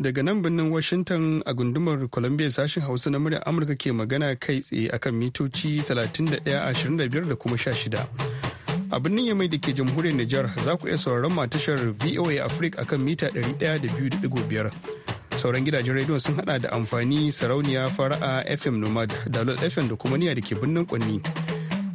Daga nan birnin Washington a gundumar Columbia sashen Hausa na muryar Amurka ke magana kai tsaye akan mitoci 31.25 da kuma 16. A birnin Yamai da ke jamhuriyar Nijar za ku iya sauraron ma tashar VOA Africa akan mita 102.5. Sauran gidajen rediyon sun hada da amfani sarauniya fara'a FM Nomad, Dalol FM da kuma niya da ke birnin Kwanni.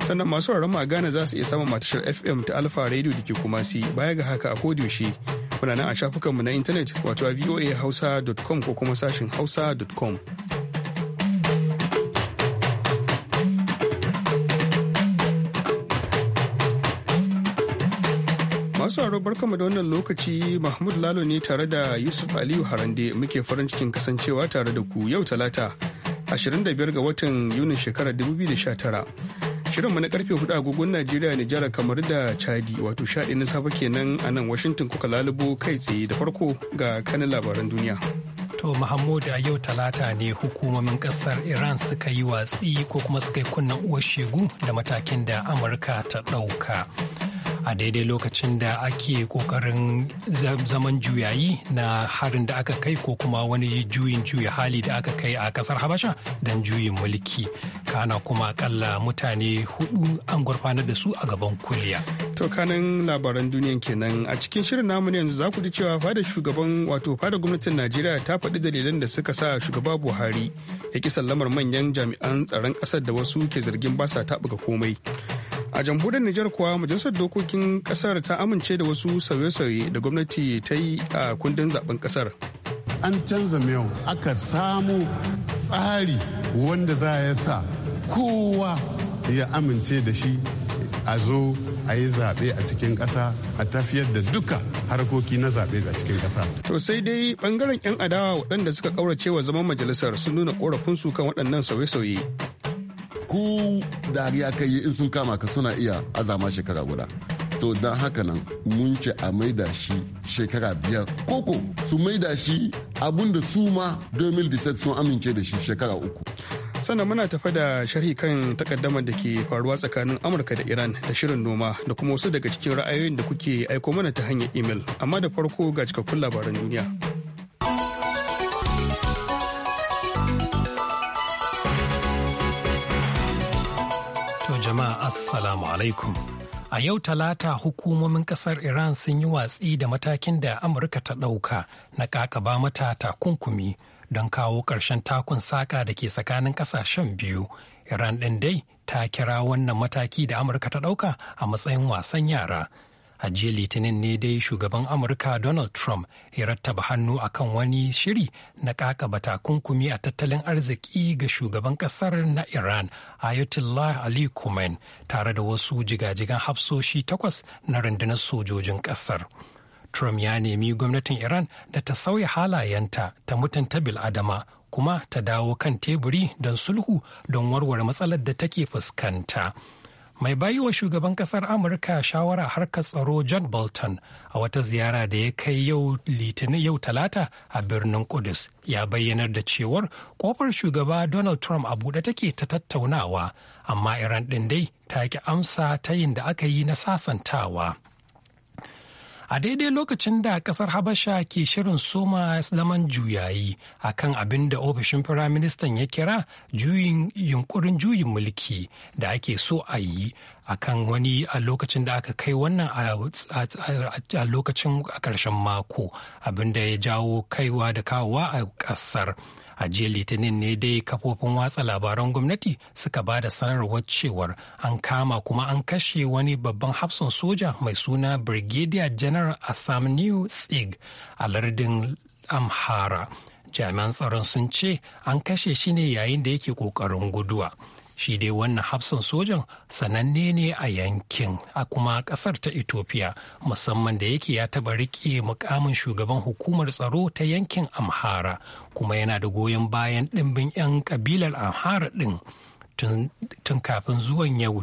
sannan masu sauraron ma Ghana za su iya samun matashar FM ta Alfa Radio da ke kuma baya ga haka a kodiyoshi Kuna nan a shafukanmu na intanet wato a voahausa.com ko kuma sashin hausa.com. masu haro barkama da wannan lokaci mahmud lalo ne tare da yusuf aliyu harande muke farin cikin kasancewa tare da ku yau talata 25 ga watan yunin shekarar 2019 shirinmu na karfe 4 agogon Najeriya Nijar kamar da Chadi wato sha na safe kenan a nan Washington kuka lalubo kai tsaye da farko ga kanin labaran duniya. To Muhammadu a yau talata ne hukumomin kasar Iran suka yi watsi ko kuma suka yi kunnen uwar shegu da matakin da Amurka ta ɗauka. a daidai lokacin da ake kokarin zaman juyayi na harin da aka kai ko kuma wani juyin juya hali da aka kai a kasar habasha don juyin mulki kana kuma kalla mutane hudu an gurfanar da su a gaban kuliya to kanan labaran duniyan kenan a cikin shirin namu yanzu za ku ji cewa fada shugaban wato fada gwamnatin najeriya ta faɗi dalilan da suka sa shugaba buhari ya ki sallamar manyan jami'an tsaron ƙasar da wasu ke zargin ba sa taɓuka komai a jamhuriyar Nijar kuwa majalisar dokokin kasar ta amince da wasu sauye-sauye da gwamnati ta yi a kundin zaben kasar an canza miyau aka samu tsari wanda za ya sa kowa ya amince da shi a zo a yi zaɓe a cikin ƙasa a tafiyar da duka harkoki na zaɓe a cikin ƙasa. To sai dai ɓangaren 'yan adawa waɗanda suka ƙaurace wa zaman majalisar sun nuna ƙorafinsu kan waɗannan sauye-sauye. ko dariya kai in sun kama ka suna iya azama shekara guda to don haka nan mun ce a maida shi shekara biyar koko su maida shi abinda su ma 2017 sun amince da shi shekara uku sannan muna tafa da sharhi kan takaddamar da ke faruwa tsakanin amurka da iran da shirin noma da kuma wasu daga cikin ra'ayoyin da kuke aiko mana ta hanyar imel amma da farko ga cikakkun labaran duniya. Assalamu alaikum. A yau talata hukumomin kasar Iran sun yi watsi da matakin da Amurka ta ɗauka na ƙaƙaba mata takunkumi don kawo ƙarshen takun saƙa da ke tsakanin ƙasashen biyu. Iran ɗin dai ta kira wannan mataki da Amurka ta ɗauka a matsayin wasan yara. a jiya litinin ne dai shugaban amurka donald trump ya rattaba hannu akan wani shiri na kaka takunkumi a tattalin arziki ga shugaban kasar na iran ayatollah ali kumen tare da wasu jigajigan hafsoshi takwas na rundunar sojojin kasar trump ya nemi gwamnatin iran da ta sauya halayenta ta mutunta adama kuma ta dawo kan teburi don sulhu don warware matsalar da take fuskanta. mai bayi wa shugaban kasar amurka shawara harkar tsaro john bolton a wata ziyara da ya kai yau litinin yau talata a birnin kudus ya bayyanar da cewar kofar shugaba donald trump a buɗe take ta tattaunawa amma iran ɗin dai ta ki amsa ta yin da aka yi na sasantawa a daidai lokacin da kasar habasha ke shirin soma zaman juyayi a kan abin da ofishin firaministan ya kira yunkurin juyin mulki da ake so a yi a kan wani a lokacin da aka kai wannan a lokacin a ƙarshen mako abin da ya jawo kaiwa da kawowa a kasar. a jiya litinin ne dai kafofin watsa labaran gwamnati suka ba da sanarwar cewar an kama kuma an kashe wani babban hafsan soja mai suna brigadier general assam new tsig a lardin amhara jami'an tsaron sun ce an kashe shi ne yayin da yake ƙoƙarin guduwa. shi dai wannan hafsan sojan sananne ne a yankin a kuma kasar ta ethiopia musamman da yake ya taba riƙe mukamin shugaban hukumar tsaro ta yankin amhara kuma yana da goyon bayan ɗimbin 'yan kabilar amhara ɗin tun kafin zuwan yau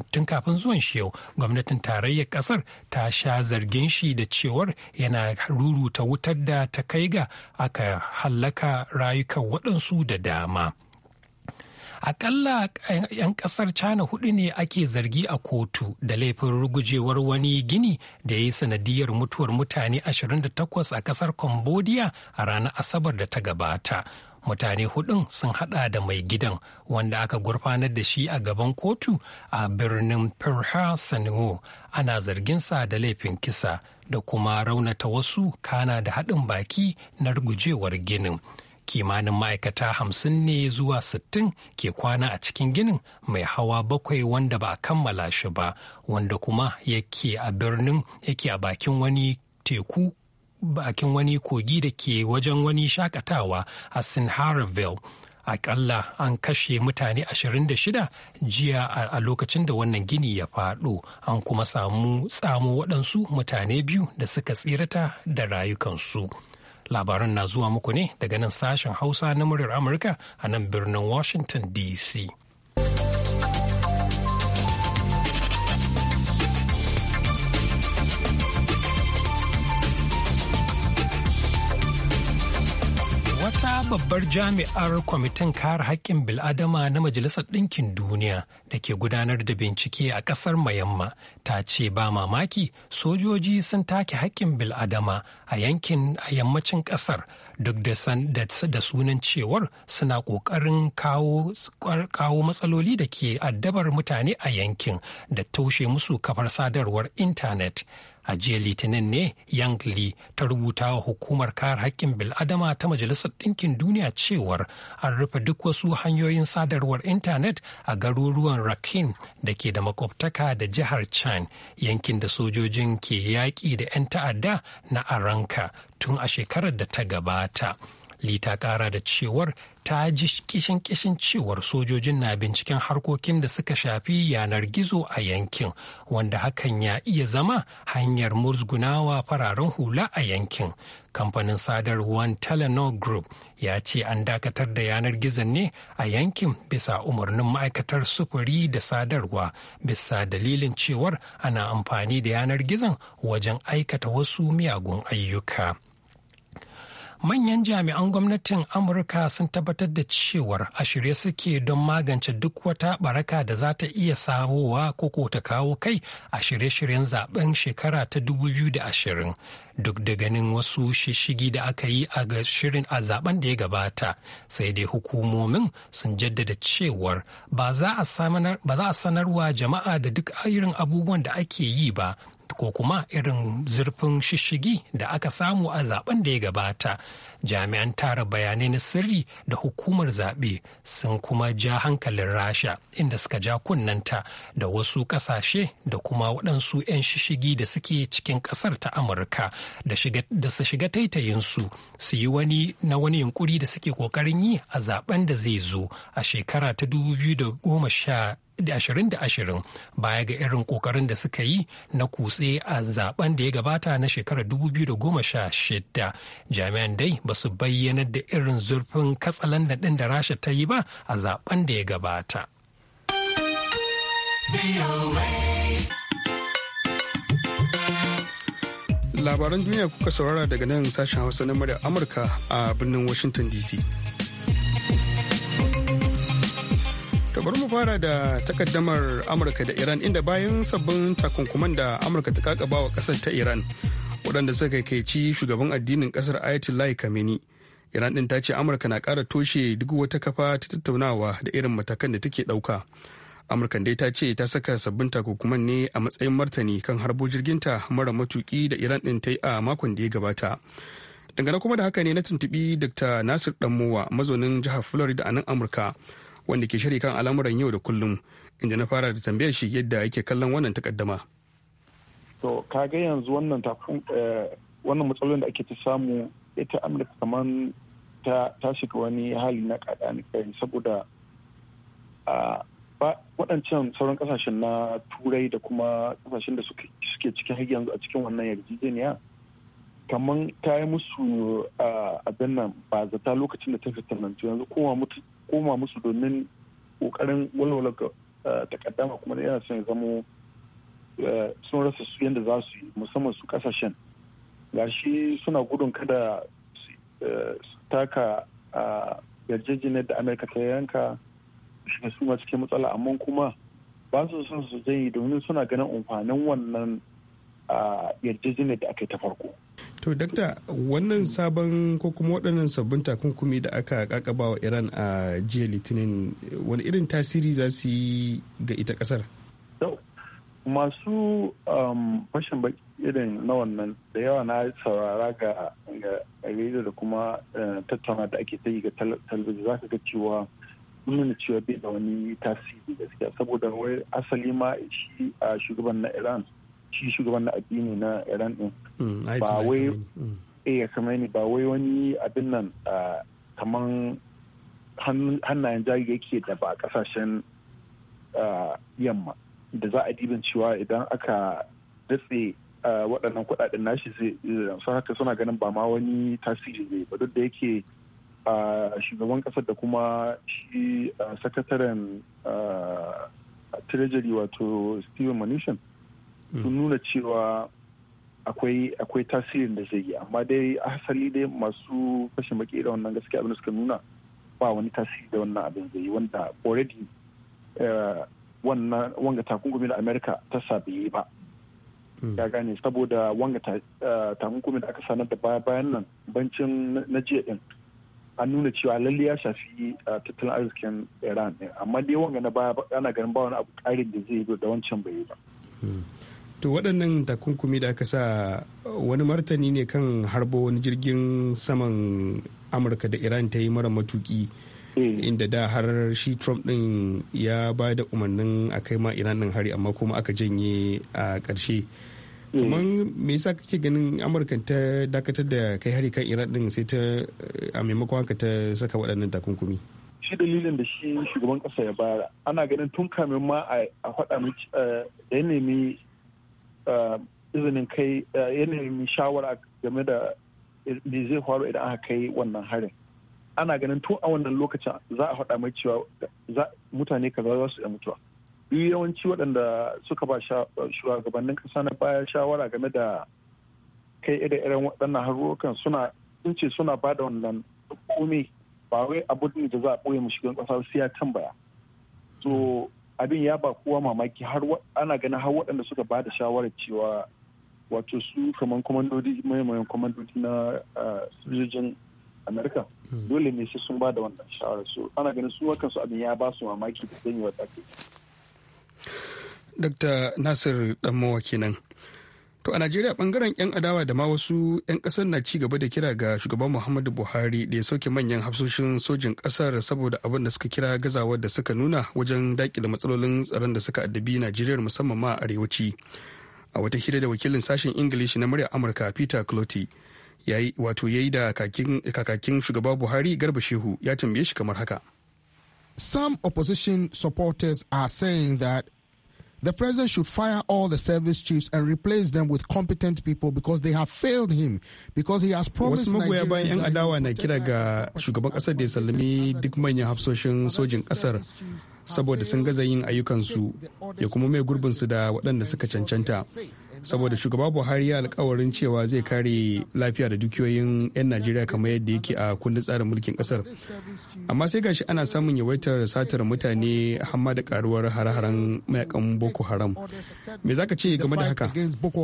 shi yau gwamnatin tarayyar kasar ta sha zargin shi da cewar yana ruruta wutar da ta kai ga aka hallaka rayukan waɗansu da dama akalla 'yan kasar china hudu ne ake zargi a kotu da laifin rugujewar wani gini da ya yi sanadiyar mutuwar mutane 28 a kasar cambodia a ranar asabar da ta gabata mutane hudun sun hada da mai gidan wanda aka gurfanar da shi a gaban kotu a birnin Perha Sanwo ana zarginsa da laifin kisa da kuma raunata wasu kana da haɗin baki na rugujewar ginin. kimanin ma'aikata hamsin ne zuwa sittin ke kwana a cikin ginin mai hawa bakwai wanda ba a kammala shi ba wanda kuma yake a birnin yake a bakin wani teku bakin wani kogi da ke wajen wani shakatawa a sinharville akalla an kashe mutane 26 jiya a lokacin da wannan gini ya faɗo an kuma samu tsamo waɗansu mutane biyu da suka tsirata da rayukansu. labaran na zuwa muku ne daga nan sashen hausa na muryar amurka a nan birnin washington dc babbar jami'ar kwamitin kare haƙƙin bil'adama na majalisar ɗinkin duniya da ke gudanar da bincike a ƙasar mayamma ta ce ba mamaki sojoji sun take haƙƙin bil'adama a yankin a yammacin ƙasar duk da sunan cewar suna ƙoƙarin kawo matsaloli da ke addabar mutane a yankin da taushe musu kafar sadarwar intanet a jiya litinin ne yang li ta rubuta wa hukumar kare hakkin bil'adama ta majalisar ɗinkin duniya cewar an rufe duk wasu hanyoyin sadarwar intanet a garuruwan rakhine da ke da makwabtaka da jihar chan yankin da sojojin ke yaƙi da 'yan ta'adda na aranka tun a shekarar da ta gabata Li ta kara da cewar ta ji kishin kishin cewar sojojin na binciken harkokin da suka shafi yanar gizo a yankin wanda hakan ya iya zama hanyar musgunawa fararen hula a yankin. Kamfanin sadarwar Telenor Group ya ce an dakatar da yanar gizon ne a yankin bisa umarnin ma'aikatar sufuri da sadarwa bisa dalilin cewar ana amfani da yanar gizon wajen aikata wasu miyagun ayyuka. manyan jami'an gwamnatin amurka sun tabbatar da cewar a shirye suke don magance duk wata baraka da za ta iya samowa ko ko ta kawo kai a shirye-shiryen zaben shekara ta 2020 duk da ganin wasu shishigi da aka yi a shirin a zaben da ya gabata sai dai hukumomin sun jaddada cewar ba za a sanarwa jama'a da duk irin abubuwan da ake yi ba ko kuma irin zurfin shishigi da aka samu a zaben da ya gabata jami'an tara bayanai na sirri da hukumar zaɓe sun kuma ja hankalin rasha inda suka ja kunnanta da wasu ƙasashe da kuma waɗansu 'yan shishigi da suke cikin ƙasar ta amurka da su shiga taitayinsu su yi wani na wani yunkuri da suke ƙoƙarin yi a zaben da zai zo a shekara ta ashirin da ashirin baya ga irin kokarin da suka yi na kutse a zaben da ya gabata na shekarar 2016 jami'an dai ba su bayyanar da irin zurfin katsalandan ɗin da rasha ta yi ba a zaben da ya gabata labaran duniya kuka saurara daga nan sashen hausa na murya amurka a birnin washington dc bari mu fara da takaddamar amurka da iran inda bayan sabbin takunkuman da amurka ta kakaba wa kasar ta iran waɗanda suka kai ci shugaban addinin kasar ayatollah kameni iran ɗin ta ce amurka na ƙara toshe duk wata kafa ta tattaunawa da irin matakan da take ɗauka amurka dai ta ce ta saka sabbin takunkuman ne a matsayin martani kan harbo ta mara matuki da iran ɗin ta yi a makon da ya gabata dangane kuma da haka ne na tuntubi dr nasir danmowa mazaunin jihar florida a nan amurka wanda ke shiri kan al'amuran yau da kullum inda na fara da tambayar shi yadda yake kallon wannan takaddama. to kaga yanzu wannan tafin eh, wannan matsalolin da ake ta samu ita amurka kaman ta ta shiga wani hali na kada kai saboda waɗancan sauran kasashen na turai da kuma kasashen da suke cikin har yanzu a cikin wannan yarjejeniya kamar ta yi musu abin nan ba zata lokacin da ta fitar nan yanzu kowa koma musu domin kokarin walwala eh, takaddama kuma yana son zamo eh, sun rasa su yadda za su yi musamman su kasashen gashi suna gudun kada su eh, taka yarjejeniyar da amurka ta yanka shiga su cikin matsala amma kuma ba su son su zai domin suna ganin amfanin wannan yarjejeniyar da aka yi ta farko. To, dakta wannan sabon ko kuma waɗannan sabbin takunkumi da aka kakaba wa Iran a jiya Litinin wani irin tasiri za su yi ga ita ƙasar? Masu um, fashin baki irin na wannan da yawa na saurara ga rediyo da kuma eh, tattauna da ake ta yi ga talabijin za ka ga cewa nuna cewa bai da wani tasiri gaskiya saboda wai asali ma shi a shugaban na iran shi shugaban na addini na iran din mm, ba wai mm. eh kamar ne ba wai wani abin nan ah, kaman hannayen jari yake da ba a kasashen ah, yamma da za a dibin cewa idan aka datse ah, waɗannan kuɗaɗen nashi zai su haka suna ganin ba ma wani tasiri zai ba duk da yake shugaban ƙasar da kuma shi sakataren treasury wato steven munition. sun mm. nuna cewa akwai tasirin da zai yi amma dai asali dai masu fashin baki da wannan gaskiya abin da suka nuna ba wani tasiri da wannan abin zai yi wanda already eh, wannan wanga takunkumi na america ta sabiye ba mm. ya gane saboda wanga eh, takunkumi da aka sanar da bayan nan bancin na jiya din an nuna cewa lalle ya shafi eh, tattalin arzikin iran ne amma dai wanga na baya ana ganin ba wani abu karin da zai yi da wancan bai yi ba mm. to waɗannan takunkumi da aka sa wani martani ne kan harbo wani jirgin saman amurka da iran ta yi mara matuki hmm. inda da har shi trump ɗin ya ba da umarnin a kai ma iran ɗin hari amma kuma aka janye a ƙarshe hmm. kuma me yasa kake ganin amurka ta dakatar da kai hari kan iran ɗin sai ta a maimakon haka ta saka waɗannan takunkumi shi dalilin da shi shugaban kasa ya bayar ana ganin tun kamin ma a faɗa eh, da ya Eh, izinin kai eh, yanayin shawara game da me zai faru idan aka kai wannan harin ana ganin tun a wannan lokacin za a faɗa mai cewa mutane kaza za su iya mutuwa duk yawanci waɗanda suka ba shugabannin ƙasa na baya shawara game da kai ire-iren waɗannan harkokan suna sun ce suna ba da wannan komai ba wai abu da za a ɓoye mu shugaban ƙasa sai ya tambaya so abin ya ba kowa mamaki har ana ganin har waɗanda suka ba da shawarar cewa wato su kamar kwamandodi mayan kwamandodi na ah, sojojin america hmm. dole ne sai sun ba da wannan shawarar su ana ganin su wakan su abin ya ba su mamaki da yi wata Dr. Nasir mawa kenan. To a Najeriya bangaren 'yan adawa da ma wasu 'yan kasar na ci gaba da kira ga shugaban Muhammadu Buhari da ya sauke manyan hafsoshin sojin kasar saboda abin da suka kira gazawar da suka nuna wajen dakile matsalolin tsaron da suka addabi Najeriya musamman ma arewaci. A wata hira da wakilin sashen Ingilishi na murya Amurka Peter Clotty wato yayi da kakakin shugaba Buhari Garba Shehu ya tambaye shi kamar haka. Some opposition supporters are saying that The president should fire all the service chiefs and replace them with competent people because they have failed him because he has promised Wasu magoya bayan 'yan adawa na kira ga shugaban kasar da ya sallami duk manyan hafsoshin sojin kasar saboda sun gaza yin ayyukansu ya kuma mai gurbinsu da waɗanda suka cancanta. saboda shugaba buhari ya alkawarin cewa zai kare lafiya da dukiyoyin 'yan najeriya kamar yadda yake a kundin tsarin mulkin kasar amma sai gashi ana samun yawaitar satar mutane hamma da karuwar hare-haren mayakan boko haram me za ka ce game da haka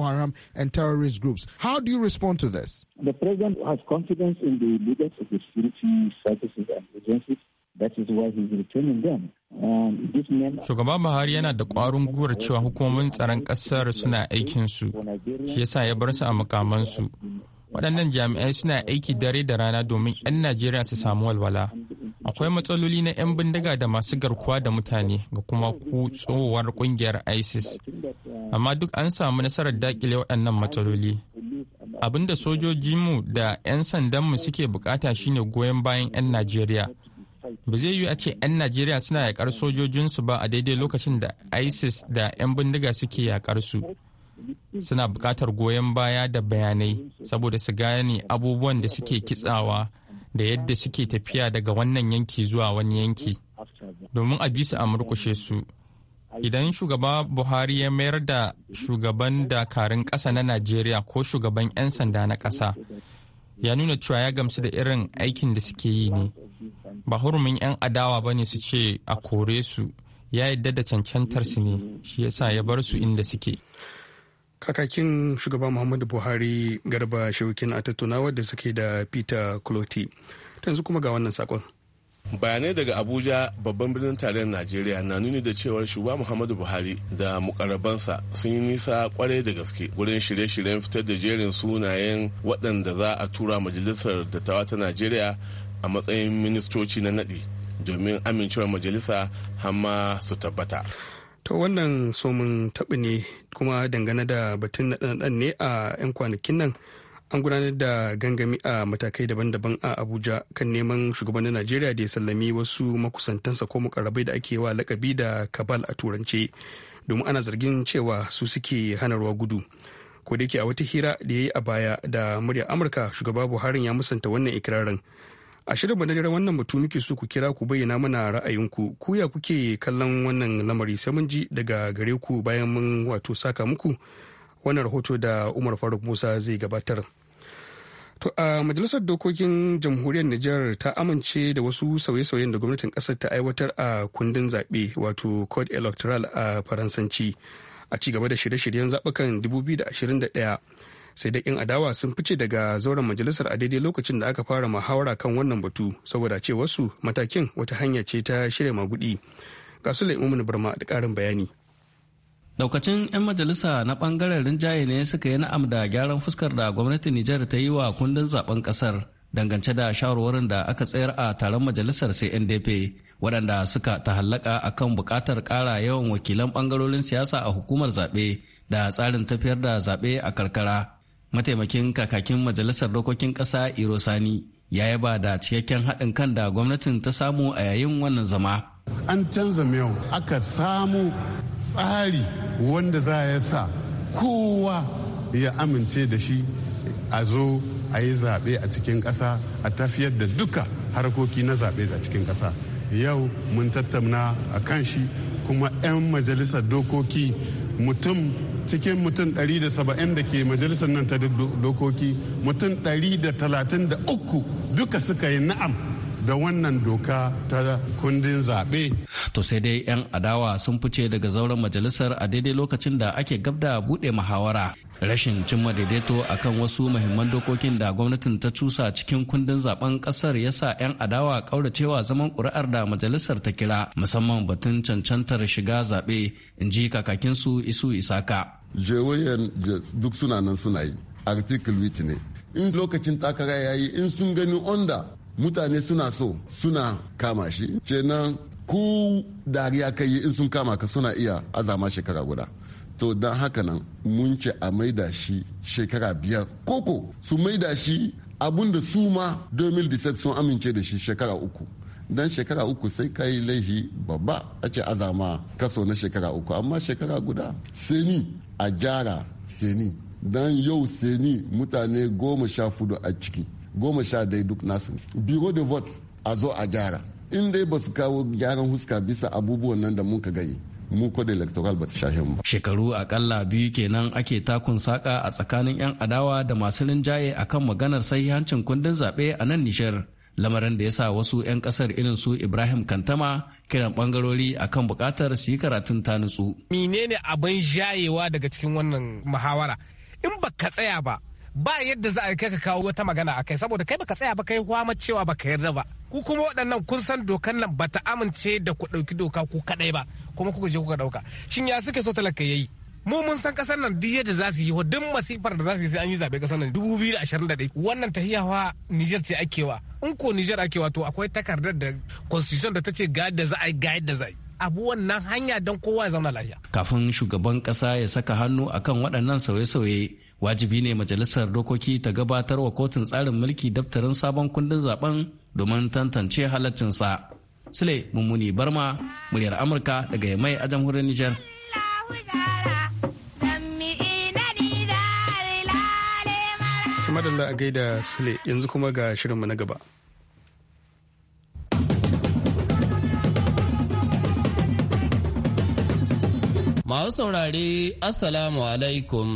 Haram The president has confidence in the leaders of the security services and agencies shugaba Buhari yana da ƙwarin gwiwar cewa hukumomin tsaron ƙasar suna aikinsu, shi yasa ya bar su a makamansu. Waɗannan jami'ai suna aiki dare da rana domin 'yan Najeriya su samu walwala. Akwai matsaloli na 'yan bindiga da masu garkuwa da mutane ga kuma tsohuwar ƙungiyar ISIS. Amma duk an samu nasarar daƙile waɗannan matsaloli. abinda sojojinmu da 'yan sandanmu suke bukata shine goyon bayan 'yan Najeriya. ba zai yi a ce 'yan najeriya suna yakar sojojinsu ba a daidai lokacin da isis da 'yan bindiga suke yakar su suna bukatar goyon baya da bayanai saboda su gane abubuwan da suke kitsawa da yadda suke tafiya daga wannan yanki zuwa wani yanki domin a bisa a murkushe su idan shugaba buhari ya mayar da shugaban dakarun ƙasa na najeriya ko shugaban 'yan sanda na ƙasa ya nuna cewa ya gamsu da irin aikin da suke yi ne ba hurumin 'yan adawa ba ne su ce a kore su ya yadda da cancantar su ne shi yasa ya bar su inda suke kakakin shugaba muhammadu buhari garba shaukin a tattaunawar da suke da peter cloti yanzu kuma ga wannan sakon. bayanai daga abuja babban birnin tarayyar najeriya na nuni da cewar shugaba muhammadu buhari da mukarabansa sun yi nisa kwarai da gaske Wurin shirye-shiryen fitar da jerin sunayen waɗanda za a tura majalisar dattawa ta najeriya a matsayin ministoci na naɗi domin amincewar majalisa hamma su tabbata to wannan somin taɓi ne kuma dangane da batun naɗe ne a 'yan kwanakin nan an gudanar da gangami a matakai daban-daban a abuja kan neman shugabannin najeriya da ya sallami wasu makusantansa ko mukarrabai da ake wa lakabi da kabal a turance domin ana zargin cewa su suke hanarwa gudu ko da yake a wata hira da ya yi a baya da muryar amurka shugaba buhari ya musanta wannan ikirarin a shirin na dare wannan mutum muke so ku kira ku bayyana mana ra'ayinku ku ya kuke kallon wannan lamari sai mun ji daga gare ku bayan mun wato saka muku wannan rahoto da umar faruk musa zai gabatar to a majalisar dokokin jamhuriyar Nijar ta amince da wasu sauye-sauyen da gwamnatin kasar ta aiwatar a kundin zaɓe wato code electoral a faransanci a ci gaba da shirye-shiryen zaɓukan 2021 sai da in adawa sun fice daga zauren majalisar a daidai lokacin da aka fara muhawara kan wannan batu saboda ce wasu matakin wata hanya ce ta shirya magudi ga su barma da ƙarin bayani daukacin 'yan majalisa na bangaren rinjaye ne suka yi na'am da gyaran fuskar da gwamnatin nijar ta yi wa kundin zaben kasar dangance da shawarwarin da aka tsayar a taron majalisar cndp waɗanda suka ta hallaka a kan buƙatar ƙara yawan wakilan bangarorin siyasa a hukumar zaɓe da tsarin tafiyar da zaɓe a karkara mataimakin kakakin majalisar dokokin ƙasa irosani ya yaba da cikakken haɗin kan da gwamnatin ta samu a yayin wannan zama an canza miyau aka samu tsari wanda za ya sa kowa ya amince da shi a zo a yi zaɓe a cikin ƙasa a tafiyar da duka harkoki na zaɓe a cikin ƙasa yau mun tattauna a kan shi kuma 'yan majalisar dokoki mutum cikin mutum 170 da ke majalisar nan ta dokoki mutum 133 duka suka yi na'am da wannan doka ta kundin zaɓe. To sai dai 'yan adawa sun fice daga zauren majalisar a daidai lokacin da ake gabda buɗe muhawara. Rashin cimma daidaito kan wasu muhimman dokokin da gwamnatin ta cusa cikin kundin zaben kasar ya sa 'yan adawa kauracewa zaman kuri'ar da majalisar ta kira musamman batun cancantar shiga zaɓe in ji kakakinsu isu isaka. Jewayen duk suna nan suna yi, article ne. in lokacin takara ya yi in sun gani onda mutane suna so suna kama shi kenan ku dariya kai in sun kama ka suna iya azama shekara guda to don haka nan mun ce a maida shi shekara biyar koko su maida shi abinda su ma 2017 sun amince da shi shekara uku dan shekara uku sai ka yi laihi babba a ce azama kaso na shekara uku amma shekara guda seni a jara seni dan yau seni mutane goma sha fudu a ciki goma sha dai duk nasu biro de vote a zo a gyara in dai ba su kawo gyaran huska bisa abubuwan nan da muka gani mu kod electoral ba ta shahin ba. Shekaru akalla biyu kenan ake takun saka a tsakanin 'yan adawa da masu rinjaye akan maganar sahihancin kundin zaɓe a nan Nishar. Lamarin da ya sa wasu 'yan kasar irin su Ibrahim Kantama kiran bangarori akan bukatar su yi karatun ta nutsu. Menene abin jayewa daga cikin wannan muhawara? In ba ka tsaya ba, ba yadda za a kai ka kawo wata magana a kai saboda kai baka tsaya ba kai kwamar cewa baka yarda ba ku kuma waɗannan kun san dokan nan bata amince da ku ɗauki doka ku kaɗai ba kuma kuka je kuka ɗauka shin ya suke so talaka yayi mu mun san ƙasar nan duk yadda za su yi wa duk masifar da za su yi sai an yi zabe ƙasar nan dubu biyu da ashirin ɗaya wannan tahiyawa Nijar ce ake wa in ko Nijar ake wa to akwai takardar da constitution da ta ce ga yadda za a yi ga yadda za a yi abu wannan hanya don kowa ya zauna lafiya kafin shugaban kasa ya saka hannu akan waɗannan sauye-sauye wajibi ne majalisar dokoki ta gabatar wa kotun tsarin mulki daftarin sabon kundin zaben domin tantance halaccinsa sule mummuni barma muryar amurka daga mai a jamhuriyar niger madalla a gaida sule yanzu kuma ga shirinmu na gaba masu saurare assalamu alaikum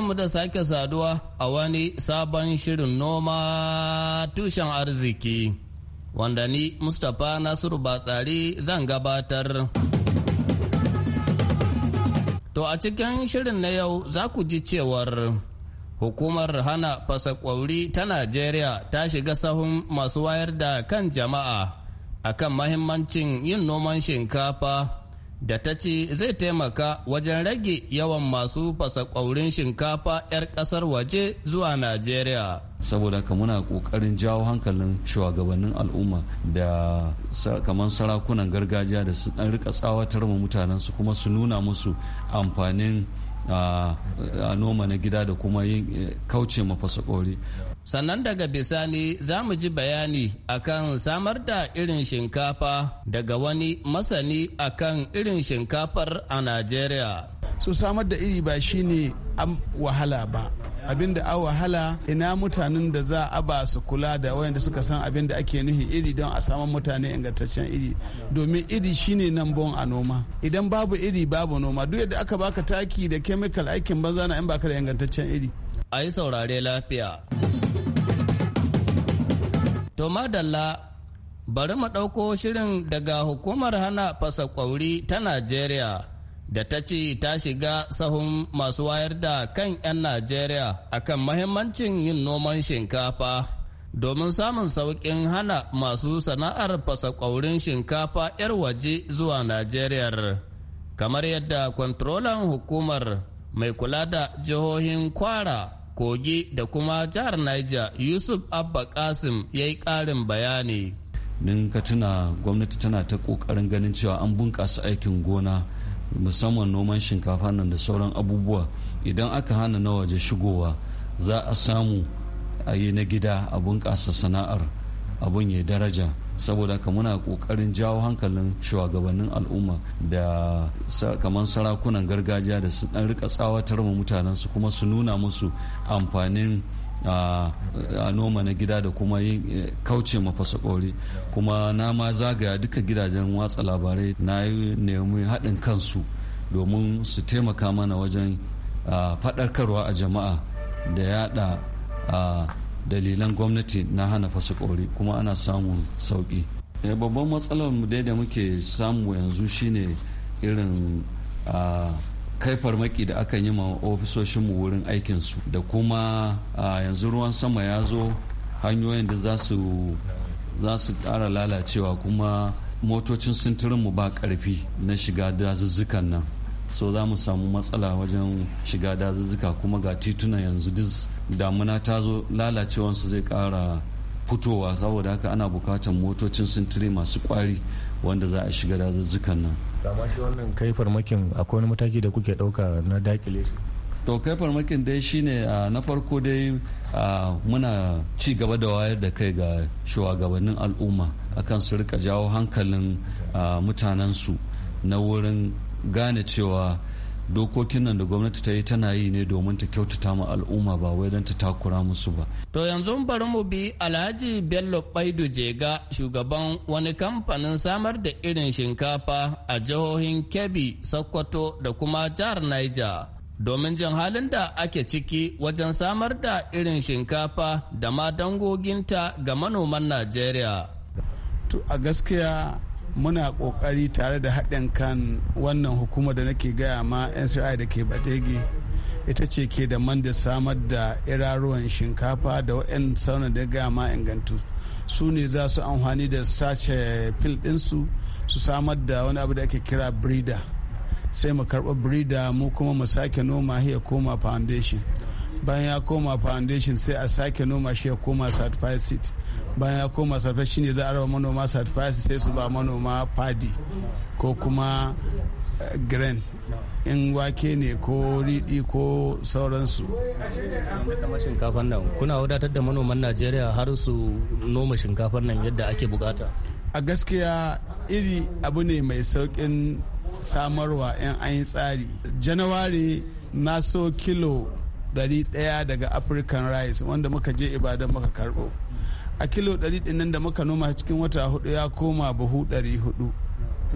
mu da sake saduwa a wani sabon shirin noma tushen arziki, wanda ni Mustapha Nasiru Batsari zan gabatar. To a cikin shirin na yau za ku ji cewar hukumar hana fasakwauri ta Najeriya ta shiga sahun masu wayar da kan jama'a akan mahimmancin yin noman shinkafa da ta ce zai taimaka wajen rage yawan masu fasa ƙwaurin shinkafa 'yar ƙasar waje zuwa Najeriya. saboda ka muna kokarin jawo hankalin shugabannin al'umma da kamar sarakunan gargajiya da su ɗan rika tsawatar ma mutanen su kuma su nuna musu amfanin a ah, noma na gida da kuma yin eh, kauce mafasa kori sannan daga bisani za mu ji bayani akan samar da irin shinkafa daga wani masani akan irin shinkafar a najeriya su samar da iri ba shine an wahala ba abin da a wahala ina mutanen da za a ba su kula da wayanda suka san abin da ake nuhi iri don a samun mutane ingantaccen iri domin iri shine nan bon a noma idan babu iri babu noma duk yadda aka baka taki da kemikal aikin banza na in baka da ingantaccen iri a yi saurare lafiya To madalla bari mu ɗauko shirin daga hukumar hana fasa kwauri ta Najeriya da ta ce ta shiga sahun masu wayar da kan 'yan Najeriya akan mahimmancin yin noman shinkafa. domin samun sauƙin hana masu sana'ar fasa ƙwaurin shinkafa 'yar waje zuwa Najeriya. Kamar yadda kwantrolan hukumar mai kula da jihohin kwara kogi da kuma jihar niger yusuf abba kasim ya yi karin bayani ninkatuna ka tuna gwamnati tana ta ƙoƙarin ganin cewa an bunƙasa aikin gona musamman noman shinkafa nan da sauran abubuwa idan aka hana na waje shigowa za a samu a yi na gida a bunƙasa sana'ar abun ya daraja saboda ka muna kokarin jawo hankalin shugabannin al'umma da kamar sarakunan gargajiya da su dan rika tsawatar mu mutanen su kuma su nuna musu amfanin a noma na gida da kuma yin eh, kauce ma fasakori kuma na ma zagaya duka gidajen watsa labarai na yi nemi haɗin kansu domin su taimaka mana wajen faɗarkarwa a jama'a da yada dalilan gwamnati na hana fasa kori kuma ana samun sauki eh, babban matsalar mu dai da muke samu yanzu shine irin kai farmaki da aka yi ma ofisoshinmu wurin aikinsu da kuma yanzu ruwan sama ya zo hanyoyin da za su ƙara lalacewa kuma motocin sintirinmu ba ƙarfi na shiga dazuzzukan nan so za mu samu matsala wajen shiga dazuzzuka kuma ga tituna yanzu duk damuna ta zo lalacewansu zai kara fitowa saboda haka ana bukatar motocin sintiri masu kwari wanda za a shiga dazuzzukan nan kama shi wannan kai farmakin akwai wani mataki da kuke dauka na dakile shi to kai farmakin dai shine na farko dai muna ci gaba da wayar da kai ga shugabannin al'umma akan su rika jawo hankalin mutanensu na wurin gane cewa dokokin nan da gwamnati ta yi tana yi ne domin ta kyautata ma al'umma ba wai don ta takura musu ba. To yanzu bari mu bi Alhaji Bello Baidu Jega shugaban wani kamfanin samar da irin shinkafa a jihohin Kebbi, Sokoto da kuma jihar Niger. Domin jin halin da ake ciki wajen samar da irin shinkafa da ma dangoginta ga manoman Najeriya. To a gaskiya muna kokari tare da haɗin kan wannan hukumar da nake gaya ma nsri da ke badege ita ce ke da man da samar da iraruwan shinkafa da wa'in sauna da gaya ma ingantu su ne za su amfani da sace fil ɗinsu su samar da wani abu da ake kira breeder sai mu karɓa breeder mu kuma mu sake noma ya koma foundation bayan ya koma foundation sai a sake noma shi ya koma certified seed bayan ya koma sarfe shine za a raba manoma sacrifice sai su ba manoma padi ko kuma eh, grain in wake ne ko riɗi ko sauransu shinkafar kuna wadatar da manoman najeriya har su noma shinkafar nan yadda ake bukata a gaskiya iri abu ne mai saukin samarwa 'yan tsari janawari na so kilo 100 daga african rice wanda muka je ibadan muka karbo a kilo 100 din nan da muka noma cikin wata hudu ya koma buhu 400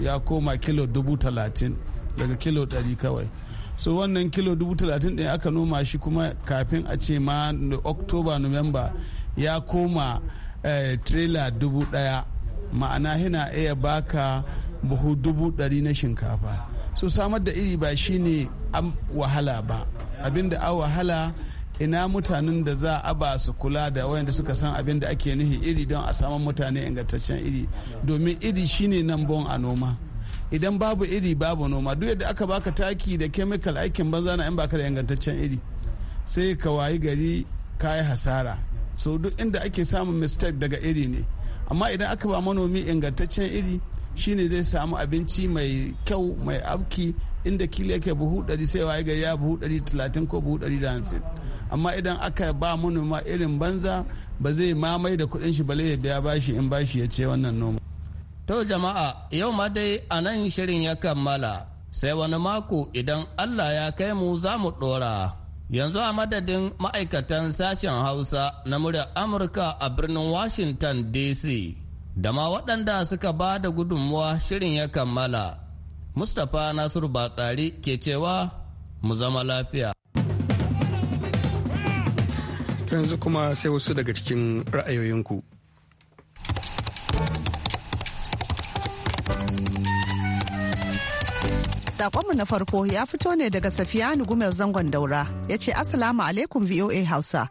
ya koma kilo 30 daga kilo 100 kawai so wannan kilo 30 din aka noma shi kuma kafin a ce ma october november ya koma eh, trailer daya ma'ana hina iya baka buhu dubu dari na shinkafa so samar da iri ba shine wahala ba abinda a wahala ina mutanen da za a ba su kula da wayanda suka san abin da ake nuhi iri don a samu mutane ingantaccen iri domin iri shine nan bon a noma idan babu iri babu noma duk yadda aka baka taki da chemical aikin banza na in baka da ingantaccen iri sai ka wayi gari ka yi hasara so duk inda ake samun mistake daga iri ne amma idan aka ba manomi ingantaccen iri shine zai samu abinci mai kyau mai abki inda kila yake buhu 100 sai wayi gari ya buhu 130 ko buhu 150 amma idan aka ba manoma irin banza ba zai mamaye da kudin shi bale ya bashi in bashi ya ce wannan noma. To jama'a yau ma dai a nan shirin ya kammala sai wani mako idan Allah ya kai mu za mu ɗora. Yanzu a madadin ma'aikatan sashen Hausa na murya Amurka a birnin Washington DC da ma waɗanda suka ba da gudunmuwa shirin ya kammala. Mustapha Nasiru Batsari ke cewa mu zama lafiya. yanzu kuma sai wasu daga cikin ra'ayoyinku sakonmu na farko ya fito ne daga safiyanu gumel zangon daura ya ce asalamu alaikum voa hausa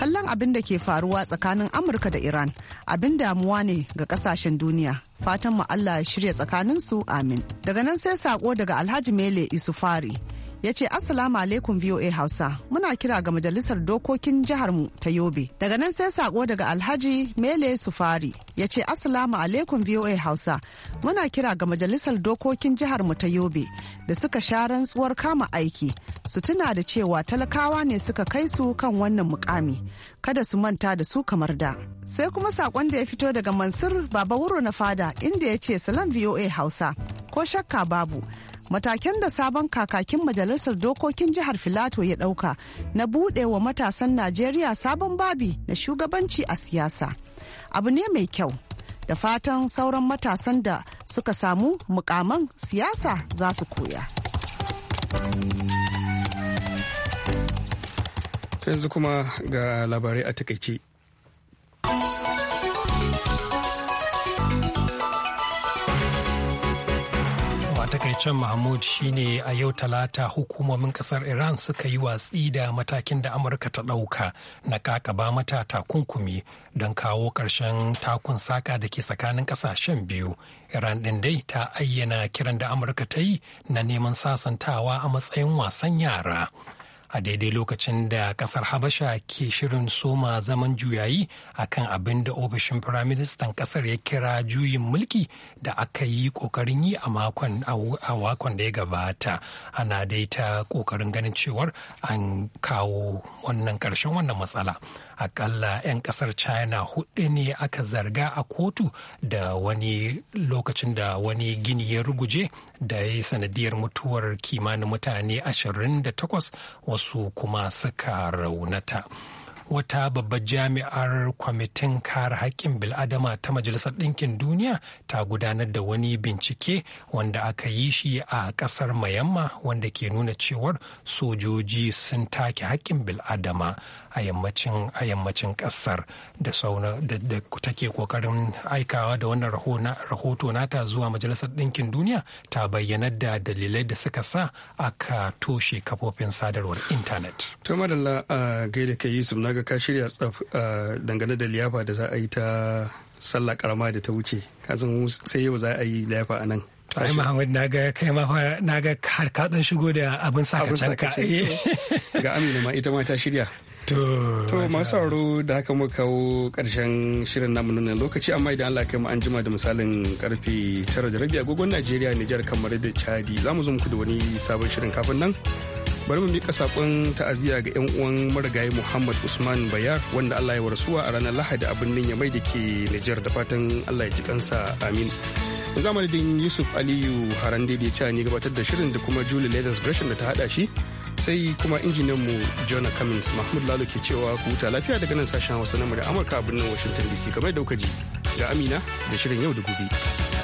kallon abin da ke faruwa tsakanin amurka da iran abin damuwa ne ga kasashen duniya fatan mu allah ya shirya tsakaninsu amin daga nan sai sako daga alhaji mele isufari ya ce assalamu alaikum voa hausa muna kira ga majalisar dokokin jiharmu ta yobe daga nan sai sako daga alhaji mele sufari ya ce assalamu alaikum voa hausa muna kira ga majalisar dokokin jiharmu ta yobe da suka sha rantsuwar kama aiki su tuna da cewa talakawa ne suka kai su kan wannan mukami kada su manta da su kamar da sai kuma sakon da ya fito daga mansur baba wuro na fada inda ya ce salam voa hausa ko shakka babu mataken da sabon kakakin majalisar dokokin jihar filato ya ɗauka na buɗewa matasan najeriya sabon babi na shugabanci a siyasa abu ne mai kyau da fatan sauran matasan da suka samu mukaman siyasa za su koya yanzu kuma ga labarai a takaice Hassan Mahmud shine a yau talata hukumomin kasar Iran suka yi watsi da matakin da Amurka ta ɗauka na kakaba mata takunkumi don kawo ƙarshen takun saka da ke tsakanin ƙasashen biyu. Iran ɗin dai ta ayyana kiran da Amurka ta yi na neman sasantawa a matsayin wasan yara. a daidai lokacin da kasar habasha ke shirin soma zaman juyayi akan abin da ofishin firaministan kasar ya kira juyin mulki da aka yi kokarin yi a makon da ya gabata ana dai ta kokarin ganin cewar an kawo wannan karshen wannan matsala akalla 'yan kasar china hudu ne aka zarga a kotu da wani lokacin da wani gini ya ruguje da ya yi sanadiyar mutuwar kimanin mutane 28 wasu kuma suka raunata. wata babbar jami'ar kwamitin kare haƙƙin bil'adama ta majalisar ɗinkin duniya ta gudanar da wani bincike wanda aka yi shi a ƙasar mayamma wanda ke nuna cewar sojoji sun take haƙƙin bil'adama a yammacin ƙasar da take ƙoƙarin aikawa da wannan rahoto nata zuwa majalisar ɗinkin duniya ta bayyana da dalilai da suka sa aka toshe kafofin sadarwar intanet. ta madalla a gaida ga ka shirya tsaf dangane da liyafa da za a yi ta sallah karama da ta wuce kasan sai yau za a yi liyafa a nan to Muhammad na ga kai ma na ga har shigo da abin sakacenka ga Amina ma ita ma ta shirya To masu aro da haka muka kawo karshen shirin namu nan lokaci amma idan Allah kai mu an jima da misalin karfe tara da rabi agogon Najeriya Nijar kamar da Chadi za mu zo muku da wani sabon shirin kafin nan bari mu mika sakon ta'aziyya ga 'yan uwan marigayi muhammad usman bayar wanda allah ya warasuwa a ranar lahadi a birnin yamai da ke nijar da fatan allah ya ji kansa amin zamanin yusuf aliyu haran da ya ne gabatar da shirin da kuma julie leathers gresham da ta hada shi sai kuma mu jona cummins mahmud lalo ke cewa ku huta lafiya daga nan sashen hausa na da amurka a birnin washington dc kamar da ga amina da shirin yau da gobe.